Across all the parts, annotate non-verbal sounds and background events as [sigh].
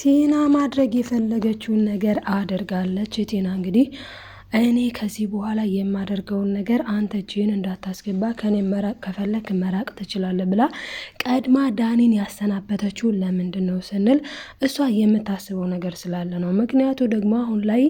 ቲና ማድረግ የፈለገችውን ነገር አደርጋለች። ቲና እንግዲህ እኔ ከዚህ በኋላ የማደርገውን ነገር አንተ እጅህን እንዳታስገባ ከኔ መራቅ ከፈለክ መራቅ ትችላለህ ብላ ቀድማ ዳኒን ያሰናበተችው ለምንድን ነው ስንል እሷ የምታስበው ነገር ስላለ ነው። ምክንያቱ ደግሞ አሁን ላይ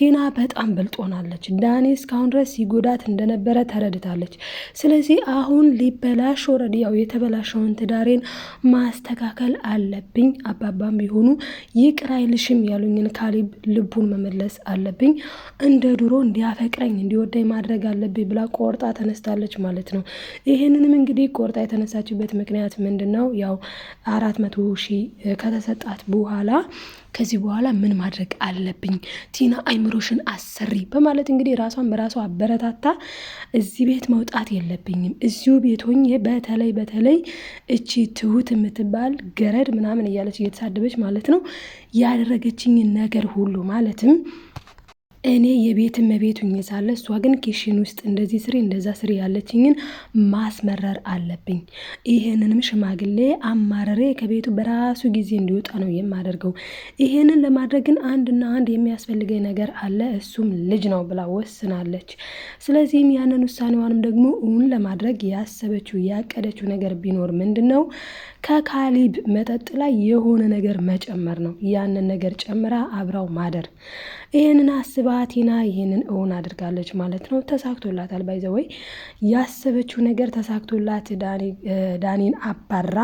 ቲና በጣም በልጦናለች። ዳኒ እስካሁን ድረስ ሲጎዳት እንደነበረ ተረድታለች። ስለዚህ አሁን ሊበላሽ ወረድ ያው የተበላሸውን ትዳሬን ማስተካከል አለብኝ። አባባም ቢሆኑ ይቅር አይልሽም ያሉኝን ካሊብ ልቡን መመለስ አለብኝ እንደ ድሮ እንዲያፈቅረኝ እንዲወደኝ ማድረግ አለብኝ ብላ ቆርጣ ተነስታለች ማለት ነው። ይህንንም እንግዲህ ቆርጣ የተነሳችበት ምክንያት ምንድን ነው? ያው አራት መቶ ሺህ ከተሰጣት በኋላ ከዚህ በኋላ ምን ማድረግ አለብኝ ቲና አይምሮሽን አሰሪ በማለት እንግዲህ ራሷን በራሷ አበረታታ። እዚህ ቤት መውጣት የለብኝም እዚሁ ቤት ሆኜ በተለይ በተለይ እቺ ትሁት የምትባል ገረድ ምናምን እያለች እየተሳደበች ማለት ነው ያደረገችኝን ነገር ሁሉ ማለትም እኔ የቤት እመቤት ሁኜ ሳለ እሷ ግን ኪሽን ውስጥ እንደዚህ ስሪ እንደዛ ስሪ ያለችኝን ማስመረር አለብኝ። ይህንንም ሽማግሌ አማረሬ ከቤቱ በራሱ ጊዜ እንዲወጣ ነው የማደርገው። ይህንን ለማድረግ ግን አንድና አንድ የሚያስፈልገኝ ነገር አለ፣ እሱም ልጅ ነው ብላ ወስናለች። ስለዚህም ያንን ውሳኔዋንም ደግሞ እውን ለማድረግ ያሰበችው ያቀደችው ነገር ቢኖር ምንድን ነው ከካሊብ መጠጥ ላይ የሆነ ነገር መጨመር ነው። ያንን ነገር ጨምራ አብራው ማደር። ይህንን አስባ ቲና ይህንን እውን አድርጋለች ማለት ነው። ተሳክቶላታል። ወይ ያሰበችው ነገር ተሳክቶላት ዳኒን አባራ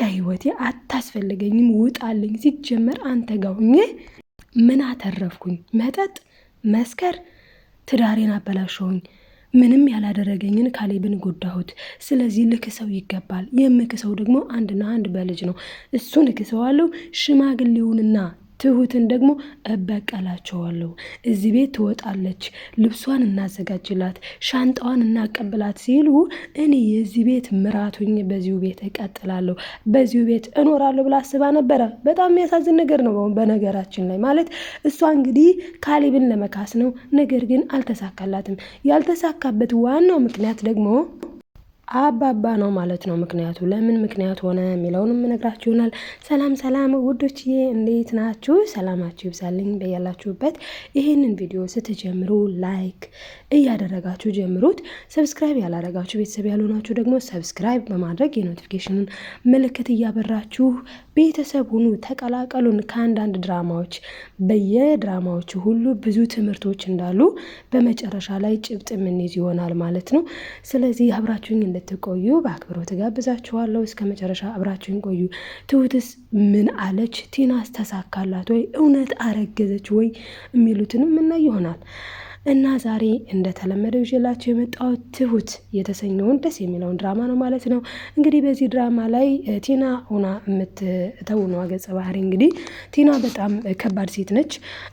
ከህይወቴ አታስፈልገኝም፣ ውጣልኝ። ሲጀመር አንተ ጋውኜ ምን አተረፍኩኝ? መጠጥ መስከር፣ ትዳሬን አበላሸውኝ። ምንም ያላደረገኝን ካሌብን ጎዳሁት። ስለዚህ ልክሰው ይገባል። የምክሰው ደግሞ አንድና አንድ በልጅ ነው። እሱን እክሰዋለሁ ሽማግሌውንና ትሁትን ደግሞ እበቀላቸዋለሁ። እዚህ ቤት ትወጣለች፣ ልብሷን እናዘጋጅላት፣ ሻንጣዋን እናቀብላት ሲሉ እኔ የዚህ ቤት ምራቱኝ በዚሁ ቤት እቀጥላለሁ፣ በዚሁ ቤት እኖራለሁ ብላ አስባ ነበረ። በጣም የሚያሳዝን ነገር ነው። በነገራችን ላይ ማለት እሷ እንግዲህ ካሌብን ለመካስ ነው። ነገር ግን አልተሳካላትም። ያልተሳካበት ዋናው ምክንያት ደግሞ አባባ ነው ማለት ነው። ምክንያቱ ለምን ምክንያት ሆነ የሚለውንም እነግራችሁ ይሆናል። ሰላም ሰላም ውዶችዬ፣ እንዴት ናችሁ? ሰላማችሁ ይብዛልኝ በያላችሁበት። ይህንን ቪዲዮ ስትጀምሩ ላይክ እያደረጋችሁ ጀምሩት። ሰብስክራይብ ያላረጋችሁ ቤተሰብ ያልሆናችሁ ደግሞ ሰብስክራይብ በማድረግ የኖቲፊኬሽንን ምልክት እያበራችሁ ቤተሰብ ሁኑ፣ ተቀላቀሉን። ከአንዳንድ ድራማዎች በየድራማዎቹ ሁሉ ብዙ ትምህርቶች እንዳሉ በመጨረሻ ላይ ጭብጥ የምንይዝ ይሆናል ማለት ነው። ስለዚህ አብራችሁኝ እንድትቆዩ በአክብሮ ትጋብዛችኋለሁ። እስከ መጨረሻ አብራችሁኝ ቆዩ። ትሁትስ ምን አለች? ቲናስ ተሳካላት ወይ? እውነት አረገዘች ወይ? የሚሉትንም እና ይሆናል እና ዛሬ እንደተለመደው ይዤላችሁ የመጣው ትሁት የተሰኘውን ደስ የሚለውን ድራማ ነው ማለት ነው። እንግዲህ በዚህ ድራማ ላይ ቲና ሆና የምትተውነው ገጸ ባህሪ እንግዲህ ቲና በጣም ከባድ ሴት ነች።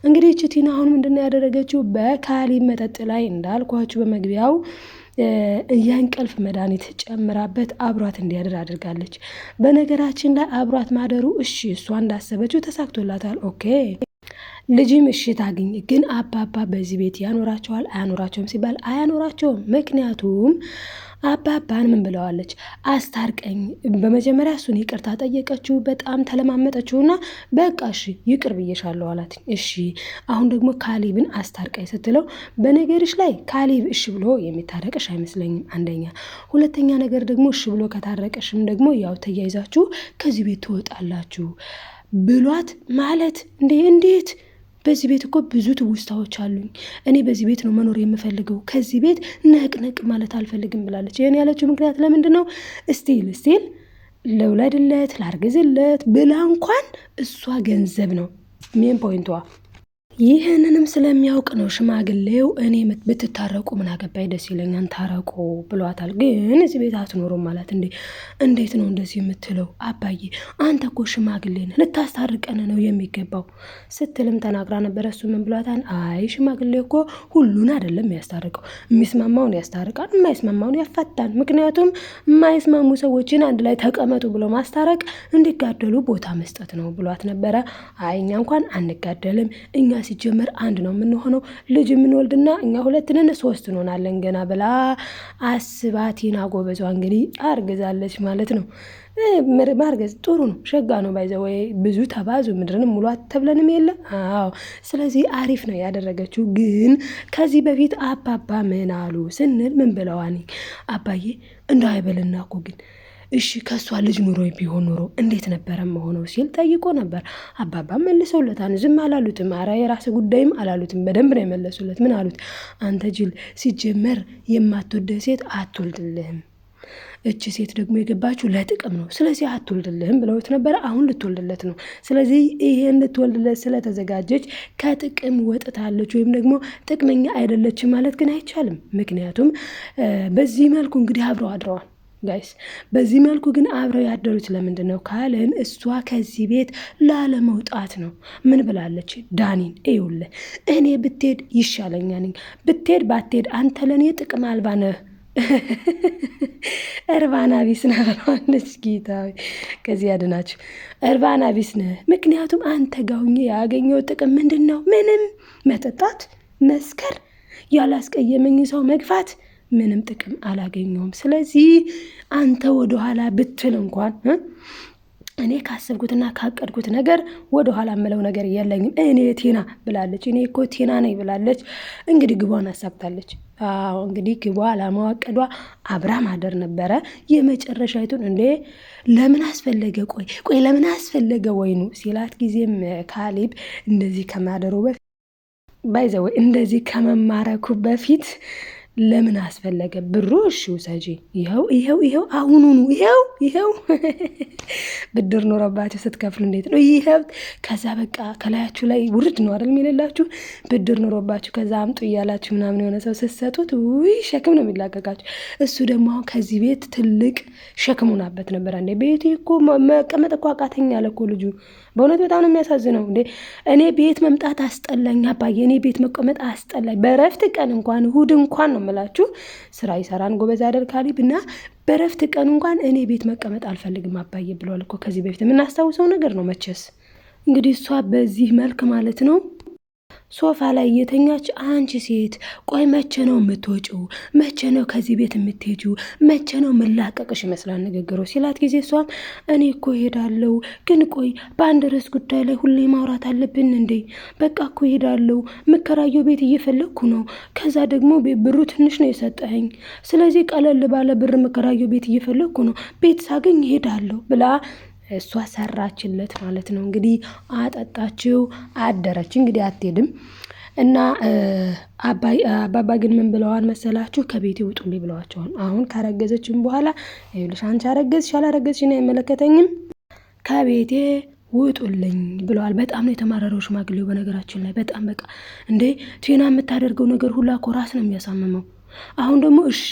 እንግዲህ እች ቲና አሁን ምንድነው ያደረገችው? በካሊብ መጠጥ ላይ እንዳልኳችሁ በመግቢያው የእንቅልፍ መድኃኒት ጨምራበት አብሯት እንዲያድር አድርጋለች። በነገራችን ላይ አብሯት ማደሩ እሺ፣ እሷ እንዳሰበችው ተሳክቶላታል። ኦኬ ልጅ ምሽት አግኝ ግን አባባ በዚህ ቤት ያኖራቸዋል አያኖራቸውም ሲባል አያኖራቸውም። ምክንያቱም አባባን ምን ብለዋለች? አስታርቀኝ። በመጀመሪያ እሱን ይቅርታ ጠየቀችው። በጣም ተለማመጠችውና በቃ እሺ ይቅር ብዬሻለሁ አላት። እሺ አሁን ደግሞ ካሊብን አስታርቀኝ ስትለው በነገርሽ ላይ ካሊብ እሺ ብሎ የሚታረቅሽ አይመስለኝም። አንደኛ፣ ሁለተኛ ነገር ደግሞ እሺ ብሎ ከታረቀሽም ደግሞ ያው ተያይዛችሁ ከዚህ ቤት ትወጣላችሁ። ብሏት ማለት እንዴ! እንዴት በዚህ ቤት እኮ ብዙ ትውስታዎች አሉኝ። እኔ በዚህ ቤት ነው መኖር የምፈልገው። ከዚህ ቤት ነቅነቅ ማለት አልፈልግም ብላለች። ይህን ያለችው ምክንያት ለምንድን ነው? እስቲል እስቲል ለውለድለት፣ ላርግዝለት ብላ እንኳን እሷ ገንዘብ ነው ሜን ፖይንቷ ይህንንም ስለሚያውቅ ነው ሽማግሌው እኔ ብትታረቁ ምን አገባኝ ደስ ይለኛል፣ ታረቁ ብሏታል። ግን እዚህ ቤት አትኖሩም ማለት እንዴ? እንዴት ነው እንደዚህ የምትለው? አባዬ አንተ እኮ ሽማግሌ ነህ፣ ልታስታርቀን ነው የሚገባው ስትልም ተናግራ ነበረ። እሱ ምን ብሏታል? አይ ሽማግሌ እኮ ሁሉን አይደለም ያስታርቀው፣ የሚስማማውን ያስታርቃል፣ የማይስማማውን ያፈታል። ምክንያቱም የማይስማሙ ሰዎችን አንድ ላይ ተቀመጡ ብሎ ማስታረቅ እንዲጋደሉ ቦታ መስጠት ነው ብሏት ነበረ። አይ እኛ እንኳን አንጋደልም እኛ ሲጀመር አንድ ነው የምንሆነው ልጅ የምንወልድና እኛ ሁለትንን ሶስት እንሆናለን ገና ብላ አስባ ቲና ጎበዟ እንግዲህ አርግዛለች ማለት ነው። ማርገዝ ጥሩ ነው፣ ሸጋ ነው። ባይዘ ወይ ብዙ ተባዙ ምድርንም ሙሉ አተብለንም የለ አዎ። ስለዚህ አሪፍ ነው ያደረገችው። ግን ከዚህ በፊት አባባ ምን አሉ ስንል ምን ብለዋኒ አባዬ አይበልና እኮ ግን እሺ ከእሷ ልጅ ኑሮ ቢሆን ኑሮ እንዴት ነበረ መሆነው ሲል ጠይቆ ነበር። አባባ መልሰውለታን ዝም አላሉትም። አራ የራስ ጉዳይም አላሉትም። በደንብ ነው የመለሱለት። ምን አሉት? አንተ ጅል፣ ሲጀመር የማትወደ ሴት አትወልድልህም። እች ሴት ደግሞ የገባችው ለጥቅም ነው። ስለዚህ አትወልድልህም ብለውት ነበረ። አሁን ልትወልድለት ነው። ስለዚህ ይሄን ልትወልድለት ስለተዘጋጀች ከጥቅም ወጥታለች፣ ወይም ደግሞ ጥቅመኛ አይደለችም ማለት ግን አይቻልም። ምክንያቱም በዚህ መልኩ እንግዲህ አብረው አድረዋል። ጋይስ በዚህ መልኩ ግን አብረው ያደሩት ለምንድን ነው ካልን፣ እሷ ከዚህ ቤት ላለመውጣት ነው። ምን ብላለች? ዳኒን እዩለ እኔ ብትሄድ ይሻለኛል፣ ብትሄድ ባትሄድ አንተ ለእኔ ጥቅም አልባ ነህ፣ [laughs] እርባና ቢስ ነህ ብለዋለች። ጌታ ከዚህ ያድናችሁ። እርባና ቢስ ነህ፣ ምክንያቱም አንተ ጋውኝ ያገኘው ጥቅም ምንድን ነው? ምንም መጠጣት፣ መስከር፣ ያላስቀየመኝ ሰው መግፋት ምንም ጥቅም አላገኘውም። ስለዚህ አንተ ወደኋላ ብትል እንኳን እኔ ካሰብኩትና ካቀድኩት ነገር ወደኋላ የምለው ነገር የለኝም። እኔ ቴና ብላለች። እኔ እኮ ቴና ነኝ ብላለች። እንግዲህ ግቧን አሳብታለች። አዎ እንግዲህ ግቧ አላማዋቀዷ አብራ ማደር ነበረ። የመጨረሻይቱን እንዴ ለምን አስፈለገ? ቆይ ቆይ ለምን አስፈለገ ወይኑ ሲላት ጊዜም ካሊብ እንደዚህ ከማደሩ በፊት ባይዘወይ እንደዚህ ከመማረኩ በፊት ለምን አስፈለገ? ብሩ እሺ ውሰጂ። ይኸው ይኸው ይኸው አሁኑኑ ይኸው ይኸው [laughs] ብድር ኖረባቸው ስትከፍሉ እንዴት ነው ይህ ሀብት? ከዛ በቃ ከላያችሁ ላይ ውርድ ነው አይደል የሚልላችሁ ብድር ኖሮባችሁ ከዛ አምጡ እያላችሁ ምናምን የሆነ ሰው ስትሰጡት ውይ ሸክም ነው የሚላቀቃችሁ። እሱ ደግሞ አሁን ከዚህ ቤት ትልቅ ሸክም ሆናበት ነበር። አንዴ ቤቴ እኮ መቀመጥ እኮ አቃተኝ አለ እኮ ልጁ። በእውነት በጣም ነው የሚያሳዝነው። እንዴ እኔ ቤት መምጣት አስጠላኝ አባዬ፣ እኔ ቤት መቀመጥ አስጠላኝ። በረፍት ቀን እንኳን እሁድ እንኳን ነው የምላችሁ ስራ ይሰራን ጎበዝ አደርካሪ ብና በረፍት ቀን እንኳን እኔ ቤት መቀመጥ አልፈልግም አባዬ ብለዋል እኮ ከዚህ በፊት የምናስታውሰው ነገር ነው። መቼስ እንግዲህ እሷ በዚህ መልክ ማለት ነው ሶፋ ላይ የተኛች አንቺ ሴት ቆይ መቼ ነው የምትወጪው? መቼ ነው ከዚህ ቤት የምትሄጂው? መቼ ነው የምላቀቅሽ? ይመስላል ንግግሩ ሲላት ጊዜ እሷም እኔ እኮ ሄዳለው፣ ግን ቆይ በአንድ ርዕስ ጉዳይ ላይ ሁሌ ማውራት አለብን እንዴ? በቃ እኮ ሄዳለው፣ ምከራየው ቤት እየፈለግኩ ነው። ከዛ ደግሞ ብሩ ትንሽ ነው የሰጠኸኝ፣ ስለዚህ ቀለል ባለ ብር ምከራየው ቤት እየፈለግኩ ነው። ቤት ሳገኝ ሄዳለሁ ብላ እሷ ሰራችለት ማለት ነው። እንግዲህ አጠጣችው አደረች። እንግዲህ አትሄድም እና አባባ ግን ምን ብለዋል መሰላችሁ? ከቤቴ ውጡልኝ ብለዋቸዋል። አሁን ካረገዘችም በኋላ ይኸውልሽ አንቺ አረገዝሽ አላረገዝሽ እኔ አይመለከተኝም ከቤቴ ውጡልኝ ብለዋል። በጣም ነው የተማረረው ሽማግሌው። በነገራችን ላይ በጣም በቃ እንዴ ቴና የምታደርገው ነገር ሁላ እኮ ራስ ነው የሚያሳምመው። አሁን ደግሞ እሺ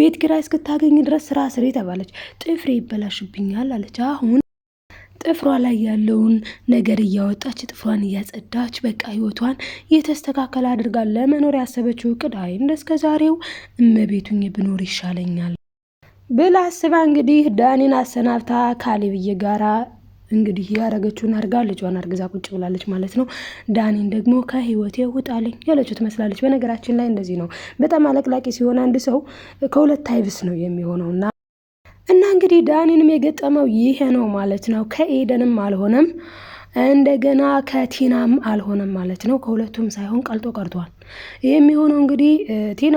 ቤት ኪራይ እስክታገኝ ድረስ ስራ ስሬ ተባለች። ጥፍሬ ይበላሽብኛል አለች አሁን ጥፍሯ ላይ ያለውን ነገር እያወጣች ጥፍሯን እያጸዳች በቃ ህይወቷን የተስተካከለ አድርጋ ለመኖር ያሰበችው እቅድ አይ እንደስከ ዛሬው እመቤቱኝ ብኖር ይሻለኛል ብላ አስባ እንግዲህ ዳኒን አሰናብታ ካሌብዬ ጋራ እንግዲህ ያረገችውን አድርጋ ልጇን አርግዛ ቁጭ ብላለች ማለት ነው። ዳኒን ደግሞ ከህይወቴ ውጣልኝ ያለችው ትመስላለች። በነገራችን ላይ እንደዚህ ነው። በጣም አለቅላቂ ሲሆን አንድ ሰው ከሁለት አይብስ ነው እና እና እንግዲህ ዳኒንም የገጠመው ይሄ ነው ማለት ነው። ከኤደንም አልሆነም፣ እንደገና ከቲናም አልሆነም ማለት ነው። ከሁለቱም ሳይሆን ቀልጦ ቀርቷል። የሚሆነው እንግዲህ ቲና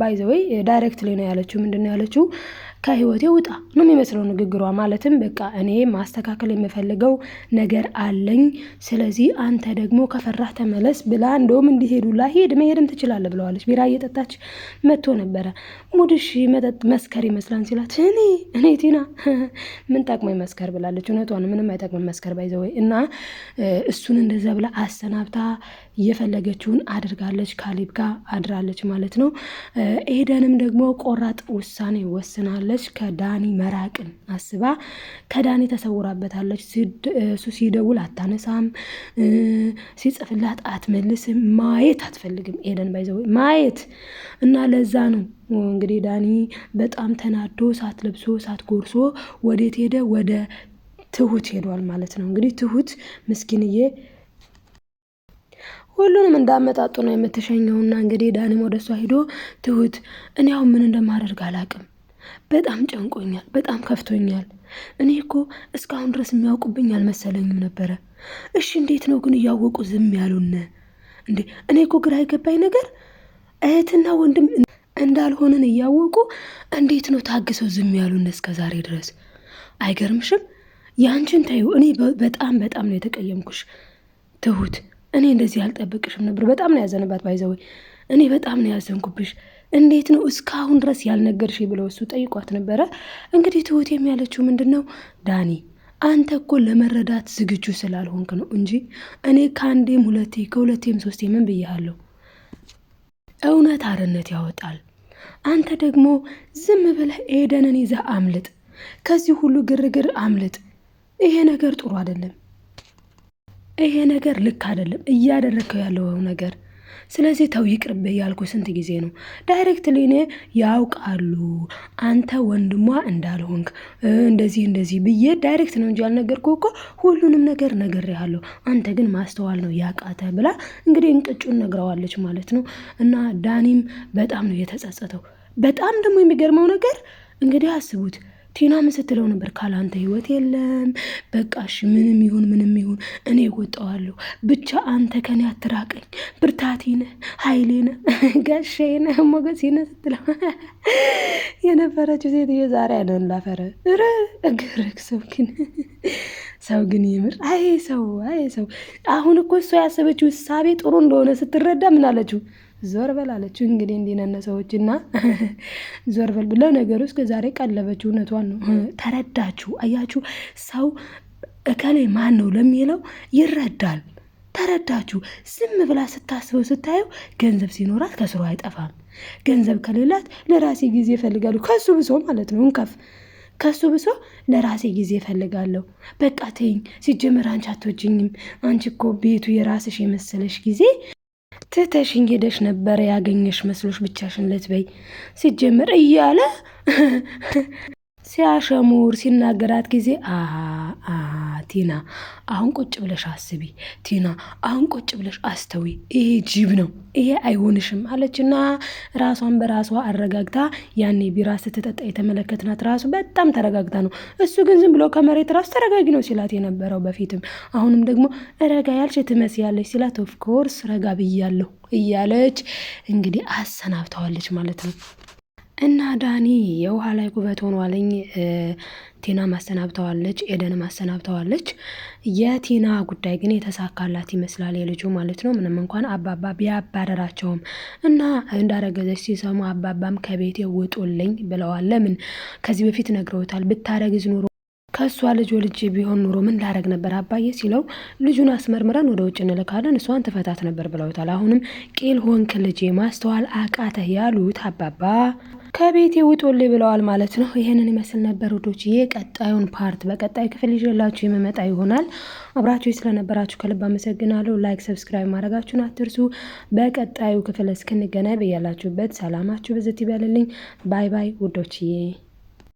ባይዘወይ ዳይሬክት ላይ ነው ያለችው። ምንድን ነው ያለችው? ከህይወቴ ውጣ ነው የሚመስለው ንግግሯ። ማለትም በቃ እኔ ማስተካከል የምፈልገው ነገር አለኝ፣ ስለዚህ አንተ ደግሞ ከፈራህ ተመለስ ብላ እንደውም እንዲሄዱ ሄድ መሄድም ትችላለህ ብለዋለች። ቢራ እየጠጣች መጥቶ ነበረ። ሙድሽ መጠጥ መስከር ይመስላል ሲላት እኔ እኔ ቲና [laughs] ምን ጠቅመኝ መስከር ብላለች። እውነቷን ምንም አይጠቅምም መስከር ባይዘወይ እና እሱን እንደዛ ብላ አሰናብታ የፈለገችውን አድርጋለች፣ ካሌብ ጋር አድራለች ማለት ነው። ኤደንም ደግሞ ቆራጥ ውሳኔ ወስናለች። ከዳኒ መራቅን አስባ ከዳኒ ተሰውራበታለች። እሱ ሲደውል አታነሳም፣ ሲጽፍላት አትመልስም። ማየት አትፈልግም ኤደን ባይዘ ማየት እና ለዛ ነው እንግዲህ ዳኒ በጣም ተናዶ ሳት ለብሶ ሳት ጎርሶ ወዴት ሄደ? ወደ ትሁት ሄዷል ማለት ነው። እንግዲህ ትሁት ምስኪንዬ ሁሉንም እንዳመጣጡ ነው የምትሸኘውና እንግዲህ ዳኒም ወደ እሷ ሂዶ ትሁት እኔ አሁን ምን እንደማደርግ አላቅም። በጣም ጨንቆኛል፣ በጣም ከፍቶኛል። እኔ እኮ እስካሁን ድረስ የሚያውቁብኝ አልመሰለኝም ነበረ። እሺ እንዴት ነው ግን እያወቁ ዝም ያሉን? እንዴ እኔ እኮ ግራ የገባኝ ነገር እህትና ወንድም እንዳልሆንን እያወቁ እንዴት ነው ታግሰው ዝም ያሉን እስከ ዛሬ ድረስ? አይገርምሽም? ያንቺን ተይው። እኔ በጣም በጣም ነው የተቀየምኩሽ ትሁት እኔ እንደዚህ አልጠብቅሽም ነበር። በጣም ነው ያዘንባት ባይዘወ እኔ በጣም ነው ያዘንኩብሽ። እንዴት ነው እስካሁን ድረስ ያልነገርሽ ብለው እሱ ጠይቋት ነበረ። እንግዲህ ትሁት የሚያለችው ምንድን ነው ዳኒ አንተ እኮ ለመረዳት ዝግጁ ስላልሆንክ ነው እንጂ እኔ ከአንዴም ሁለቴ ከሁለቴም ሶስቴ ምን ብያለሁ፣ እውነት አርነት ያወጣል። አንተ ደግሞ ዝም ብለህ ኤደንን ይዘህ አምልጥ፣ ከዚህ ሁሉ ግርግር አምልጥ። ይሄ ነገር ጥሩ አይደለም። ይሄ ነገር ልክ አይደለም እያደረግከው ያለው ነገር ስለዚህ ተው ይቅርብ ያልኩ ስንት ጊዜ ነው። ዳይሬክትሊ ሊኔ ያውቃሉ አንተ ወንድሟ እንዳልሆንክ እንደዚህ እንደዚህ ብዬ ዳይሬክት ነው እንጂ ያልነገርኩ እኮ ሁሉንም ነገር ነግሬሃለሁ፣ አንተ ግን ማስተዋል ነው ያቃተ ብላ እንግዲህ እንቅጩን ነግረዋለች ማለት ነው። እና ዳኒም በጣም ነው የተጸጸተው። በጣም ደግሞ የሚገርመው ነገር እንግዲህ አስቡት ቲና ምስትለው ነበር ካላንተ ህይወት የለም፣ በቃሽ፣ ምንም ይሁን ምንም ይሁን እኔ እወጣዋለሁ፣ ብቻ አንተ ከኔ አትራቀኝ፣ ብርታቴነ ሀይሌነ ኃይሌ ሞገሴነ ስትለው [laughs] የነበረችው ሴትዮ ዛሬ ያለን ላፈረ ረ እግርግ ሰው ግን [laughs] ሰው ግን ይምር። አይ ሰው አይ ሰው አሁን እኮ እሷ ያሰበችው እሳቤ ጥሩ እንደሆነ ስትረዳ ምን አለችው? ዞር በል አለችው። እንግዲህ እንዲነነ ሰዎች እና [laughs] ዞር በል ብለው ነገሩ እስከ ዛሬ ቀለበችው። እውነቷን ነው። ተረዳችሁ? አያችሁ? ሰው እከሌ ማን ነው ለሚለው ይረዳል። ተረዳችሁ? ዝም ብላ ስታስበው ስታየው ገንዘብ ሲኖራት ከስሩ አይጠፋም። ገንዘብ ከሌላት ለራሴ ጊዜ ይፈልጋሉ። ከሱ ብሶ ማለት ነው እንከፍ ከሱ ብሶ ለራሴ ጊዜ እፈልጋለሁ። በቃ ተይኝ፣ ሲጀመር አንቺ አትወጂኝም። አንቺ እኮ ቤቱ የራስሽ የመሰለሽ ጊዜ ትተሽኝ ሄደሽ ነበረ ያገኘሽ መስሎሽ ብቻሽን ልትበይ ሲጀምር እያለ [laughs] ሲያሸሙር ሲናገራት ጊዜ አ ቲና አሁን ቁጭ ብለሽ አስቢ፣ ቲና አሁን ቁጭ ብለሽ አስተዊ፣ ይሄ ጅብ ነው፣ ይሄ አይሆንሽም አለችና ራሷን በራሷ አረጋግታ ያኔ ቢራ ስትጠጣ የተመለከትናት ራሱ በጣም ተረጋግታ ነው። እሱ ግን ዝም ብሎ ከመሬት ራሱ ተረጋጊ ነው ሲላት የነበረው በፊትም፣ አሁንም ደግሞ ረጋ ያልሽ ትመስያለሽ ሲላት ኦፍኮርስ ረጋ ብያለሁ እያለች እንግዲህ አሰናብተዋለች ማለት ነው። እና ዳኒ የውሃ ላይ ጉበት ሆኗለኝ። ቲና ማሰናብተዋለች፣ ኤደን ማሰናብተዋለች። የቲና ጉዳይ ግን የተሳካላት ይመስላል የልጁ ማለት ነው። ምንም እንኳን አባባ ቢያባረራቸውም እና እንዳረገዘች ሲሰሙ አባባም ከቤቴ ውጡልኝ ብለዋል። ለምን ከዚህ በፊት ነግረውታል። ብታረግዝ ኑሮ ከእሷ ልጅ ወልጅ ቢሆን ኑሮ ምን ላረግ ነበር አባዬ ሲለው ልጁን አስመርምረን ወደ ውጭ እንልካለን እሷን ትፈታት ነበር ብለውታል። አሁንም ቄል ሆንክ ልጄ ማስተዋል አቃተህ ያሉት አባባ ከቤቴ ውጡልኝ ብለዋል ማለት ነው። ይህንን ይመስል ነበር ውዶች። ይህ ቀጣዩን ፓርት በቀጣይ ክፍል ይዤላችሁ የመመጣ ይሆናል። አብራችሁ ስለነበራችሁ ከልብ አመሰግናለሁ። ላይክ፣ ሰብስክራይብ ማድረጋችሁን አትርሱ። በቀጣዩ ክፍል እስክንገናኝ በያላችሁበት ሰላማችሁ ብዝት ይበልልኝ። ባይ ባይ ውዶችዬ።